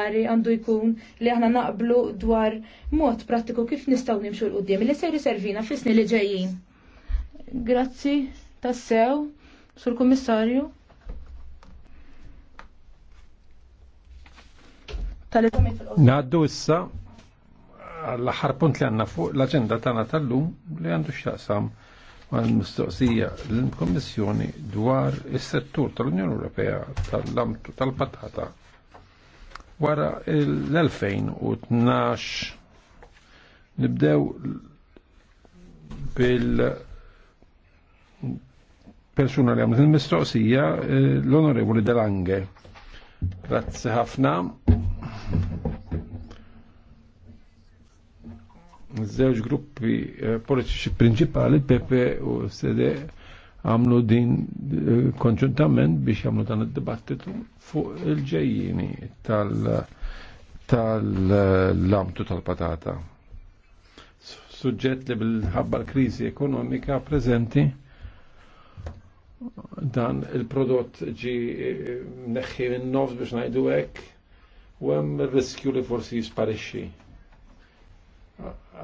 għari għandu jkun li aħna naqblu dwar mod pratiku kif nistaw nimxu l-qoddim li ser servina fis li ġejjin. Grazzi tassew sur kummissarju Naddu issa l-aħħar punt li għanna fuq l-agenda tagħna tal-lum li għandu x'jaqsam mal-mistoqsija l-Kommissjoni dwar is-settur tal-Unjoni Ewropea tal lamtu tal-patata Wara l-2012 nibdew bil persuna li għamlet il-mistoqsija eh, l-onorevoli Delange. Grazzi ħafna. Żewġ gruppi eh, politiċi prinċipali, Pepe u Sede, għamlu din eh, konġuntament biex għamlu dan id-dibattitu fuq il-ġejjini tal-lamtu tal-patata. Suġġett li bil-ħabba l-krizi ekonomika prezenti dan il-prodott ġi eh, neħħi minn nofs biex najdu hekk u hemm riskju li forsi jisparixxi.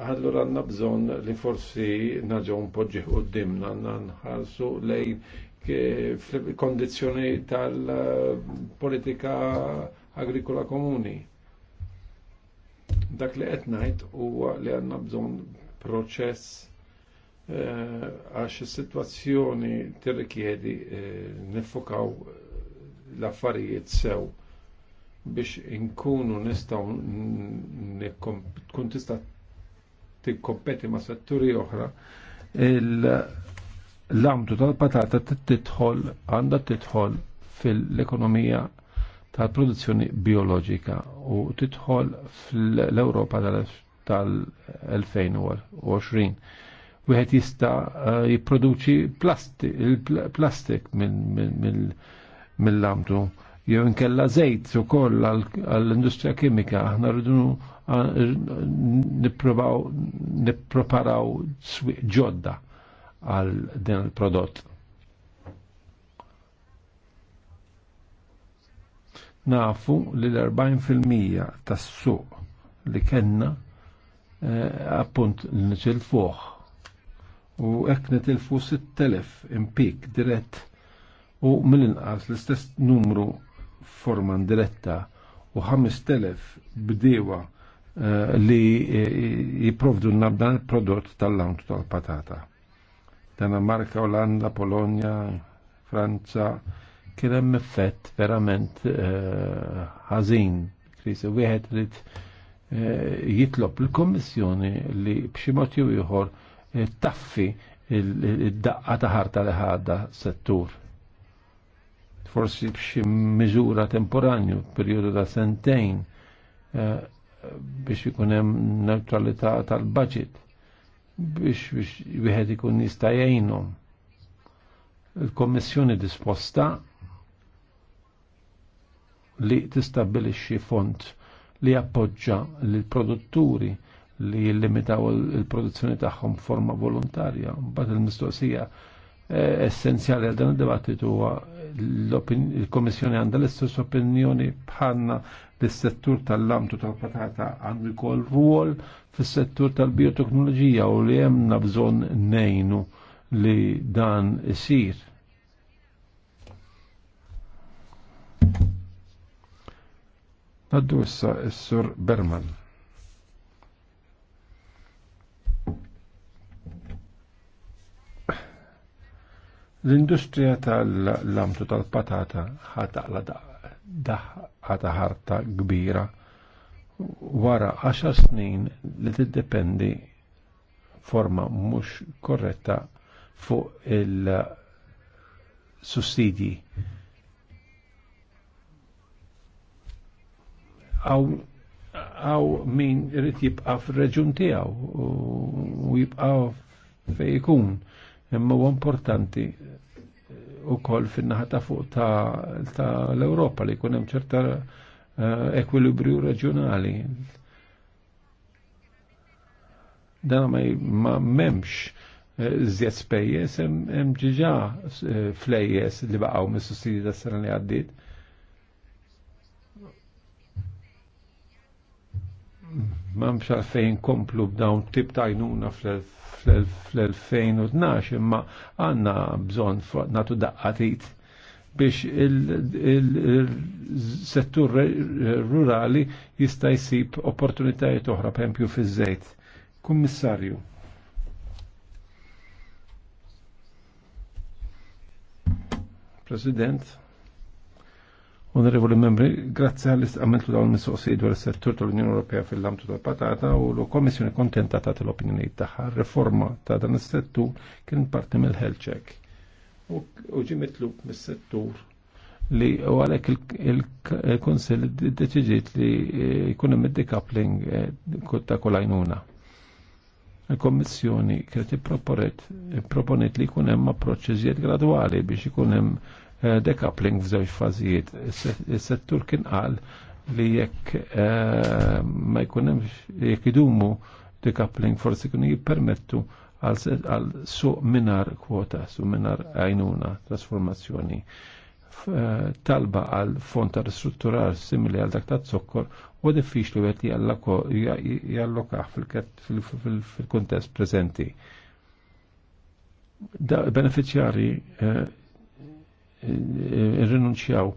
Allora għanna bżon li forsi un npoġġi u dimna nħarsu lejn kondizjoni tal-politika agrikola komuni. Dak li qed ngħid huwa li għandna bżonn proċess eh, għax is-sitwazzjoni tirrikjedi eh, nifokaw l-affarijiet sew biex inkunu nistaw tkun tista' tikkompeti ma' setturi oħra, l-amtu tal-patata titħol, għanda titħol fil-ekonomija tal-produzzjoni biologika u titħol fil europa tal-2020. U għet jista' eh, jiproduċi plastik mill-amtu jew inkella zejt u koll għall-industrija kimika aħna rridu nipprovaw nippreparaw ġodda għal din il-prodott. Nafu li l-40% tas-suq li kenna eh, appunt l nċil fuq u ek nitilfu 6000 impik dirett u mill-inqas l-istess numru forman diretta u 5000 bdewa Eh, li eh, jiprovdu nabdan prodott tal-lawnt tal-patata. Dan Danamarka, Olanda, Polonia, Franza, kienem effett verament eh, ħażin. Krisi wieħed rid jitlob l-Kommissjoni li bximot ju jew taffi id-daqqa taħar tal li ħadda settur. Forsi b'xi miżura temporanju, periodu ta' sentejn, biex ikun hemm neutralità tal-budget biex biex wieħed ikun jista' jgħinhom. Il-Kommissjoni disposta li tistabbilixxi fond li appoġġa lil produtturi li jillimitaw il-produzzjoni tagħhom forma volontarja. Mbagħad il-mistoqsija eh, essenzjali għal dan id-dibattitu huwa il-Komissjoni għandha l-istess opinjoni bħalna bis-settur tal-lamtu tal-patata għandu jkoll ruol fis-settur tal-bioteknoloġija u li hemm bżonn nejnu li dan isir. Naddu issa s-sur Berman. L-industrija tal-lamtu tal-patata ħataqla daħħata ħarta kbira wara 10 snin li tiddependi forma mhux korretta fuq il-sussidji. Aw aw min irid jibqa f'reġun tiegħu u jibqa fejn ikun imma huwa importanti wkoll eh, fin-naħa ta' fuq ta' l-Ewropa li jkun hemm ċerta eh, ekwilibrju reġjonali. Dan ma memx zjed eh, spejjes hemm ġiġa flejjes li baqgħu mis ta' tas-sena li għaddiet. M'hemmx għalfejn komplu b'dawn tip ta' jnuna fl-2012 imma għandna bżonn nagħtu daqqatit biex il-settur rurali jista' jsib opportunitajiet oħra pempju fiż-żejt. Kummissarju. President. Onorevoli membri, grazzi għall-istqamentu dawn mistoqsijiet dwar settore dell'Unione tal-Unjoni l'ambito fil tal-patata u l-Kommissjoni kontenta ta' l-opinjonijiet tagħha. Reforma ta' dan is-settur kien parti mill-health check. U ġi mitlub mis li u għalek il-Konsil deċiġiet li e, jkun hemm decoupling e, ta' kolajnuna. Il-Kommissjoni kienet ipproponet li jkun hemm approċċ iżjed gradwali biex ikun hemm Eh, decoupling f'żewġ fażijiet. Is-settur kien qal li jekk eh, ma jkun hemm jekk idumu decoupling forsi kienu jippermettu għal suq minar kwota, suq minar għajnuna, trasformazzjoni eh, talba għal fond ta' ristrutturar simili għal dak ta' zokkor u diffiċli għet jallokaħ fil-kontest prezenti. Beneficjari irrinunċjaw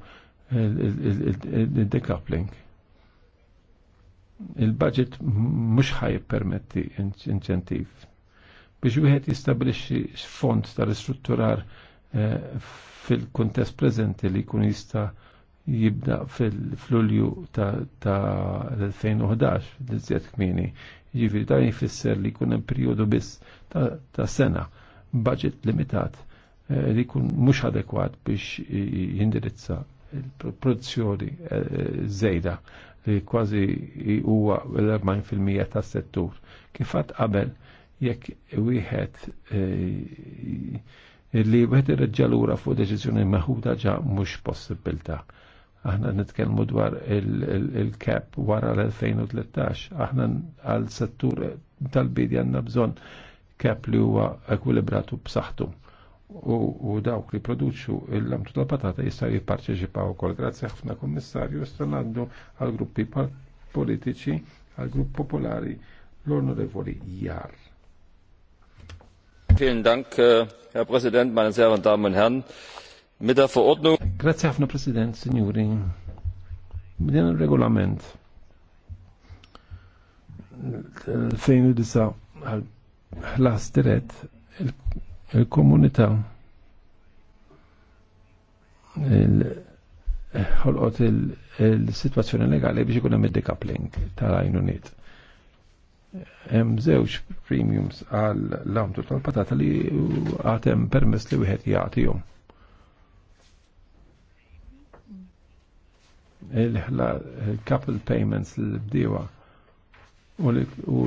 il-decoupling. Il-budget mhux ħaj permetti incentiv. Biex wieħed jistabilixi fond tal-istrutturar eh, fil-kontest preżenti li jkun jista' jibda fil-flulju ta' l-2011, l-ziet kmini, ġifiri dan jifisser li kunem periodu biss ta' sena, budget limitat Eh, li kun mux adekwat biex jindirizza il-produzzjoni eh, zejda li kważi huwa l-40% tas-settur. Kif qatt qabel jekk wieħed eh, li wieħed irreġġalura fuq deċiżjoni meħuda ġa mhux possibilità. aħna nitkellmu dwar il-cap wara l-2013, aħna għal settur tal-bidi għandna bżonn cap li huwa ekwilibratu b'saħħtu u u dawk li produċu l-lamtu tal-patata jistaw jipparċeċipaw ukoll. Grazzi ħafna kommissarju, stranaddu għal gruppi politiċi, għal grupp popolari l-onorevoli Jar. Vielen Dank, äh, Herr Präsident, meine sehr verehrten Damen und Herren. Mit der Verordnung. Grazie Herr Präsident, signori. Mit dem Regulament. Äh, fejn u disa għal-ħlas dirett Il-komunità ħolqot il-situazzjoni legali biex ikun hemm decoupling tal unit. Hemm żewġ premiums għal l-amtu tal-patata li hemm permess li wieħed jagħtihom. il-couple payments l-bdiewa u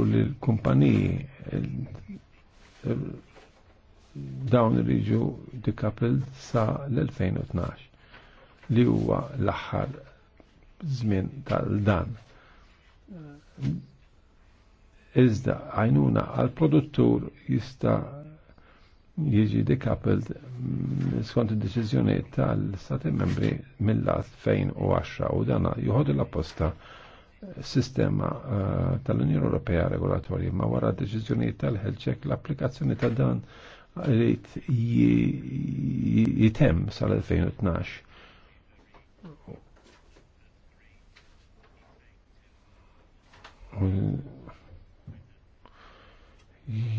l-kumpaniji dawn irriġu decoupled sa l-2012 li huwa l-aħħar żmien tal-dan. Iżda għajnuna għal-produttur jista jiġi decoupled skont id-deċiżjonijiet tal-Stati membri mill 2010 u dana juħodu l-apposta sistema eh, tal-Unjoni Ewropea regolatorji ma wara deċiżjonijiet tal-ħelċek l-applikazzjoni ta' dan rrit jitem sal-2012.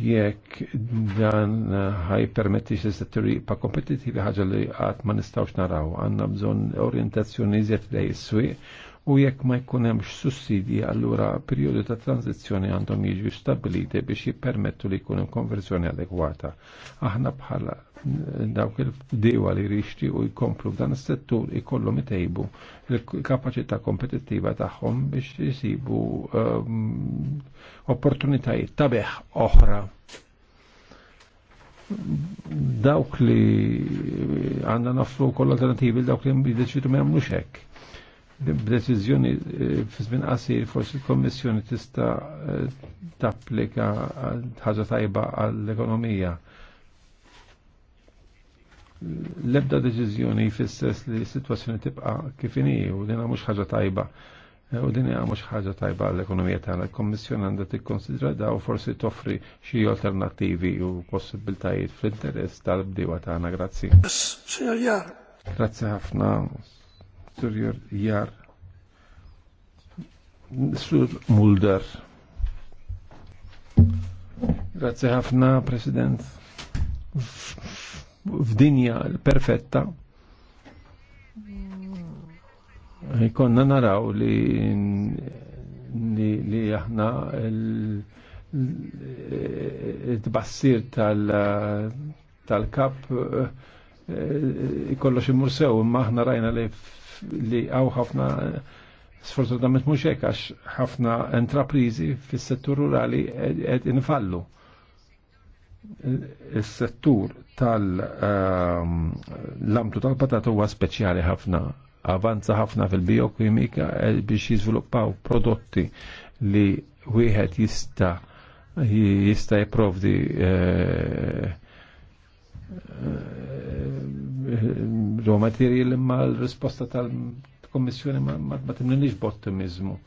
Jekk dan eh, ħaj permetti xi setturi pa kompetitivi ħaġa li qatt ma nistgħux naraw, għandna bżonn orientazzjoni iżjed lej is-swieq u jekk ma jkun hemmx sussidji allura perjodu ta' tranzizzjoni għandhom jiġu stabiliti biex jippermettu li jkun hemm konverzjoni adekwata. Aħna bħala dawk il-dewa li rixti u jkomplu f'dan is-settur ikollhom itejbu l-kapaċità kompetittiva tagħhom biex jisibu um, ehm, opportunitajiet tabeħ oħra dawk li għandna naflu kol alternativi dawk li mbidiċitu ma jamlu xek b'deċiżjoni eh, f'żmien qasir forsi l-Kommissjoni tista' eh, tapplika ħaġa tajba għall-ekonomija. L-ebda deċiżjoni jfissess li s-sitwazzjoni tibqa' kif inhi u din mhux ħaġa tajba. Eh, u din hija mhux ħaġa tajba għall-ekonomija tagħna. L-Kommissjoni għandha tikkonsidra da u forsi toffri xi alternattivi u possibiltajiet fl-interess tal-bdiewa tagħna. Grazzi. Grazzi ħafna. Surjor Jar. Sur Mulder. Grazie ħafna, President. F'dinja perfetta. Ikonna naraw li li, li aħna il-tbassir tal-kap tal kap ikollu imur sew, imma ħna rajna li li għaw ħafna sfortunatament mhux hekk għax ħafna intraprizi fis-settur rurali qed infallu. Is-settur tal-lamtu ehm, tal-patata huwa speċjali ħafna avanza ħafna fil-biokimika eh, biex jiżviluppaw prodotti li wieħed jista' jista' jiprovdi eh, raw material imma l-risposta tal-Kommissjoni ma timninix bottimizmu.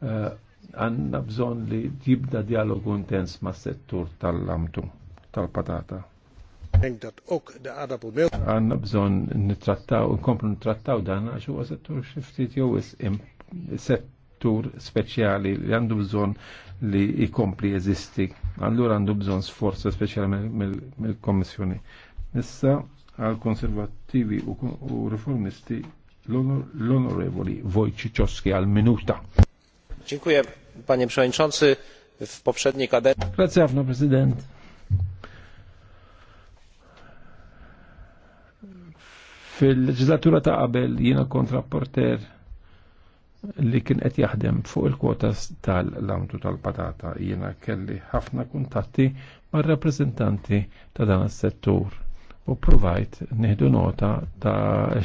Eh, għanna bżon li jibda dialogu intens ma' settur tal-lamtu, tal-patata. Għanna bżon nittrattaw, nkomplu nittrattaw dan għax huwa settur xiftit jew set settur speċjali li għandu bżon li ikompli eżisti. Allura għandu bżon sforza speċjali mill-Kommissjoni. Issa għal konservativi u riformisti l-onorevoli Wojciechowski għal minuta. Dziękuję, panie przewodniczący. W poprzedniej kadencji. Grazie, panie prezydent. Fil-leġislatura ta' qabel jiena kontrapporter li kien qed jaħdem fuq il-kwotas tal-lamtu tal-patata. Jiena kelli ħafna kuntatti ma' rappresentanti ta' dan is-settur u provajt nieħdu nota ta'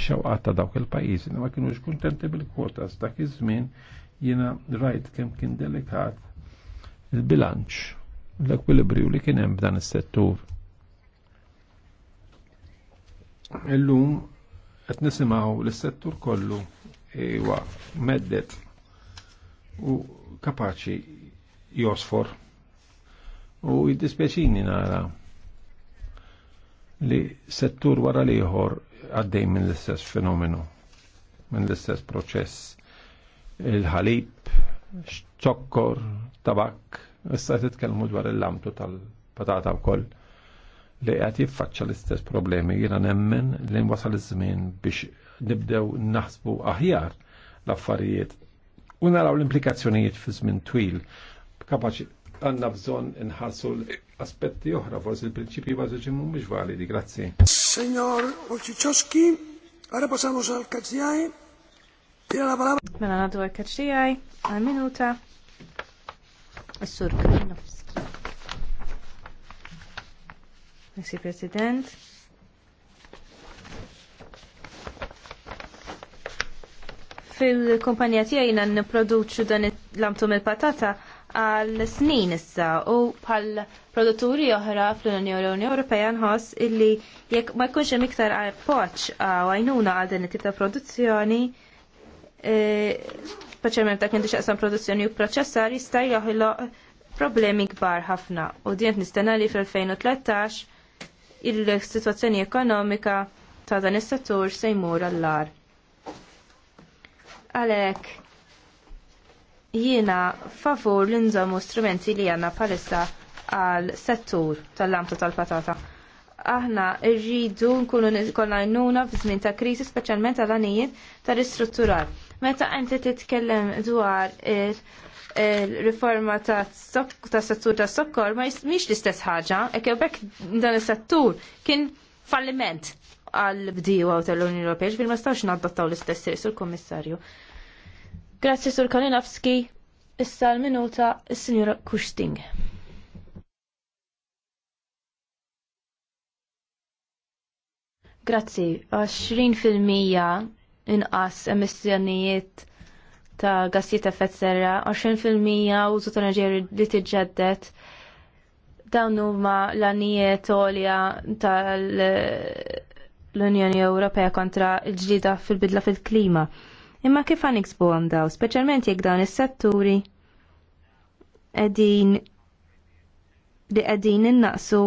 xewqat ta' dawk il-pajjiżi ma kienux kuntenti bil-kwotas ta' kif żmien jiena rajt kemm kien delikat il-bilanċ, l-ekwilibrju li kien hemm f'dan is-settur. Illum qed nisimgħu l-settur kollu iwa meddet u kapaċi josfor u id-dispeċini nara li settur wara liħor għaddej minn l-istess fenomenu, minn l-istess proċess. Il-ħalib, ċokkor, tabak, issa titkellmu dwar il-lamtu tal-patata koll li għati faċċa l-istess problemi jiena nemmen li wasal iż-żmien biex nibdew naħsbu aħjar l-affarijiet u naraw l-implikazzjonijiet fi żmien twil. Kapaċi għandna bżon inħarsu l-aspetti oħra, forsi l-prinċipji bażiċi mhumiex validi, grazzi. Signor Olċiċoski, għara passamu sal-kazzjaj, tira la palabra. Mela nadu għal-kazzjaj, għal-minuta, s-sur Kalinowski. Grazie President. Fil-kumpanija tiegħi jiena nipproduċu dan l-amtum il-patata għal snin issa u bħal produtturi oħra fl-Unjoni Ewropea nħoss illi jekk ma jkunx hemm iktar appoġġ għajnuna għal din it-tip ta' produzzjoni e, speċjalment dak inti xaqsam produzzjoni u proċessar jista' joħloq problemi kbar ħafna u dient nistenna li fl-2013 il sitwazzjoni ekonomika ta' dan is-settur se jmur għall-lar. Għalhekk jiena favur l inżommu strumenti li għandna bħalissa għal settur tal-lamta tal-patata. Aħna rridu nkunu nkollna jnuna f'żmien ta' kriżi speċjalment għal għanijiet ta' ristrutturar. Meta inti titkellem dwar il-riforma ta' settur ta' sokkor ma mhix l-istess ħaġa, hekk bekk dan is-settur kien falliment għal għaw tal-Unjoni Ewropea ġbir ma stawx naddattaw l-istess sur kommissarju. Grazzi sur Kalinowski, issa l-minuta s-Sinjura Kushting. Grazzi, 20% inqas emissjonijiet ta' gassijiet effett serra, 20% użu ta' enerġija li tiġġedded dawn huma l-għanijiet għolja tal l-Unjoni Ewropea kontra l-ġlida fil-bidla fil-klima. Imma kif għan iksbu għamdaw, specialment jek dawn is-setturi edin li għedin innaqsu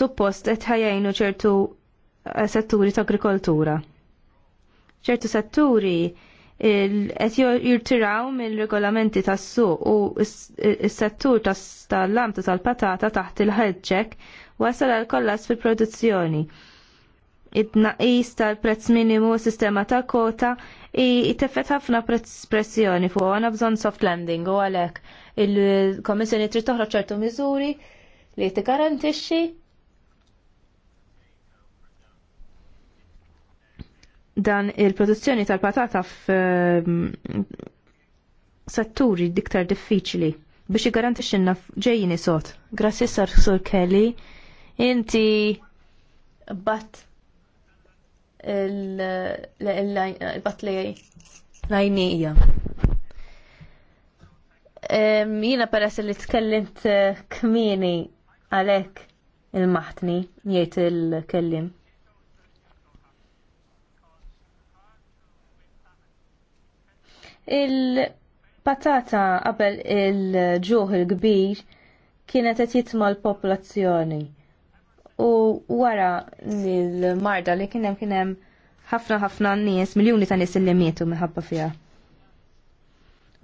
suppost qed ħajajnu ċertu eh, setturi ta' agrikoltura. ċertu setturi qed jirtiraw mill-regolamenti tas-suq u s-settur tal-lamta tal-patata taħt il-ħedġek wasal għal kollas fil-produzzjoni id-naqis tal-prezz minimu sistema ta' kota i teffet ħafna pressjoni fuq għana bżon soft landing u għalek il-Komissjoni trid toħroġ ċertu miżuri li tigarantixxi dan il-produzzjoni tal-patata f'setturi diktar diffiċli biex jgarantixxinna ġejjini sot. Grazie, sar Sur Kelly, inti bat il-batlejaj lajnija. Jina peress li tkellimt eh, kmini għalek il-maħtni jgħid il-kellim. Il-patata qabel il-ġuħ il-kbir kienet qed jitma' l-popolazzjoni u wara l-marda li kienem kienem ħafna ħafna nies, miljoni ta' nies li mietu minħabba fiha.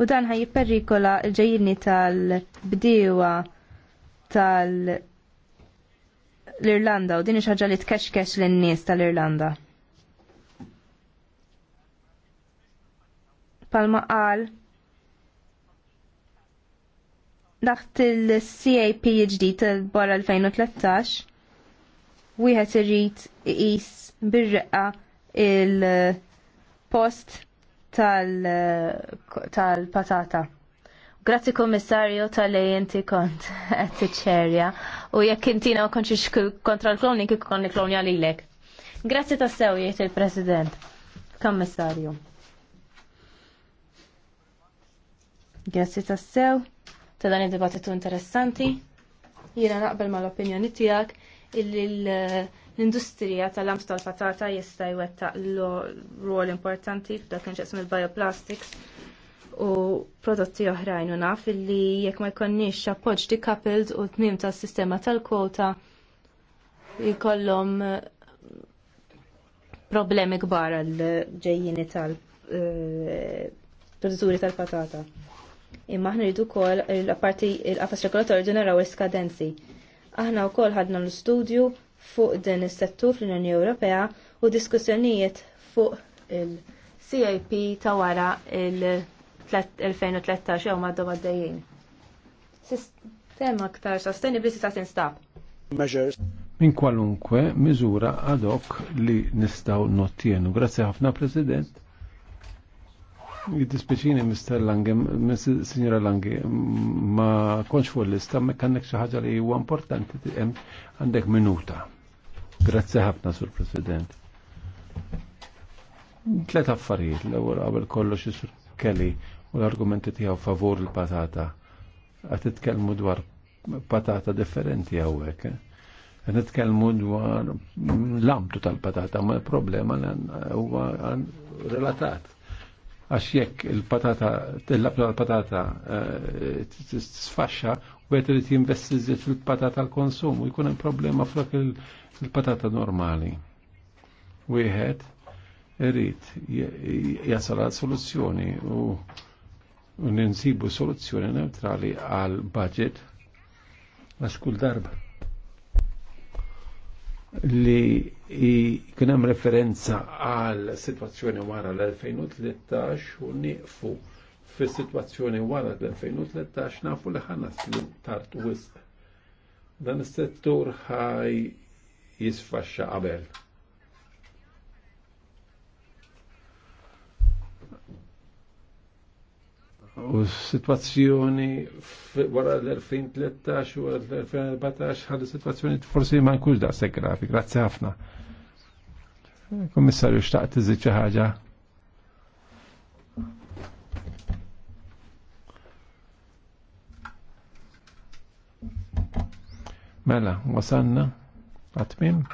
U dan ħaj jipperikola l-ġejjini tal-bdiewa tal- bdiwa tal irlanda u din ħaġa li tkexkex lin-nies tal-Irlanda. Palma qal daħt il-CAP ġdid tal bora 2013 wieħed irrid iqis bir-reqqa il-post tal-patata. Grazzi kommissarju tal-li inti kont għed t-ċerja u jekk intina u konċi kontra l-kloni kik konni kloni għalilek. Grazzi ta' sew jiet il-President, kommissarju. Grazzi ta' sew ta' dan id-dibattitu interessanti. Jiena naqbel mal opinjoni tijak l-industrija tal-lamp tal-patata jista' jwettaq rol importanti f'dak inċaqsam il-bioplastics u prodotti oħrajn u naf illi jekk ma jkonniex appoġġ decoupled u tmiem tas-sistema tal-kwota jkollhom eh, problemi kbar għal ġejjini tal-produtturi eh, tal-patata imma ħna rridu kol l-apparti l-qafas regolatorju naraw l-skadenzi. Aħna wkoll ħadna l-studju fuq din is-settur fl-Unjoni Ewropea u diskussjonijiet fuq il-CIP ta' wara il-2013 jew domad għaddejjin. Sistema aktar sostenibli se tinstab. Measures. Min kwalunkwe miżura ad hoc li nistgħu nottienu. Grazzi ħafna President. Jiddispeċini, Mr. Lange, Signora Lange, ma konx fuq l-lista, ma kannek xaħġa li huwa importanti, għandek minuta. Grazie ħafna, Sur President. Tlet affarijiet, l-ewwel qabel kollox isur Kelly u l-argumenti tiegħu favur il-patata. Qed titkellmu dwar patata differenti hawnhekk. Eh? Qed nitkellmu dwar l-amtu tal-patata, ma l-problema huwa relatat għax jekk il-patata, tillabla l-patata eh, t-sfasċa u għet li tinvesti fil-patata l-konsum u jkun hemm problema flok il-patata normali. jħed irrid jasal għal soluzzjoni u ninsibu soluzzjoni neutrali għal budget għax kull darba li kien hemm referenza għal situazzjoni wara l-2013 u nieqfu fis situazzjoni wara l-2013 nafu li ħanas li tart wisq. Dan is-settur ħaj jisfaxxa qabel. U situazzjoni wara l-2013 u l-2014 ħalli situazzjoni forsi ma nkunx daqshekk grafi, grazzi ħafna. Kommissarju xtaqt tiżid xi ħaġa. Mela, wasanna, għatmim.